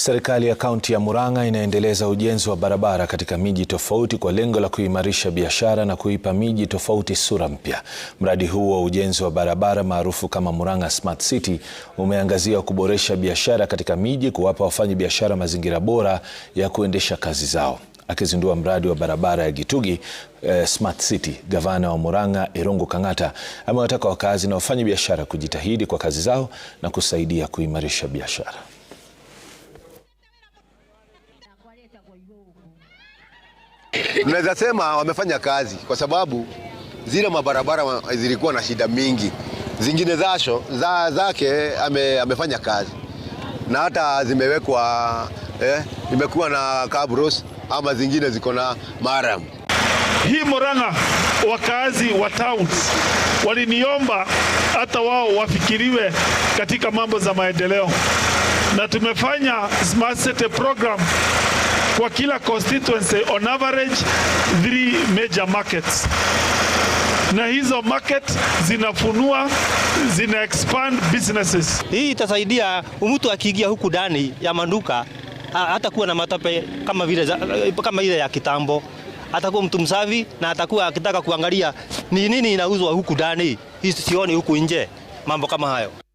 Serikali ya kaunti ya Murang'a inaendeleza ujenzi wa barabara katika miji tofauti kwa lengo la kuimarisha biashara na kuipa miji tofauti sura mpya. Mradi huu wa ujenzi wa barabara maarufu kama Murang'a Smart City umeangazia kuboresha biashara katika miji, kuwapa wafanyabiashara mazingira bora ya kuendesha kazi zao. Akizindua mradi wa barabara ya Gitugi eh, Smart City, gavana wa Murang'a Irungu Kang'ata amewataka wakazi na wafanyabiashara kujitahidi kwa kazi zao na kusaidia kuimarisha biashara. Mnaweza sema wamefanya kazi kwa sababu zile mabarabara zilikuwa na shida mingi, zingine zasho za, zake ame, amefanya kazi na hata zimewekwa eh, imekuwa na kabros ama zingine ziko na maram. Hii Murang'a, wakazi wa towns waliniomba hata wao wafikiriwe katika mambo za maendeleo, na tumefanya smart city program kwa kila constituency on average three major markets na hizo market zinafunua zina expand businesses. Hii itasaidia mtu akiingia huku ndani ya manduka hata kuwa na matope kama vile kama ile ya kitambo, atakuwa mtu msafi na atakuwa akitaka kuangalia ni nini inauzwa huku ndani, hii sioni huku nje, mambo kama hayo.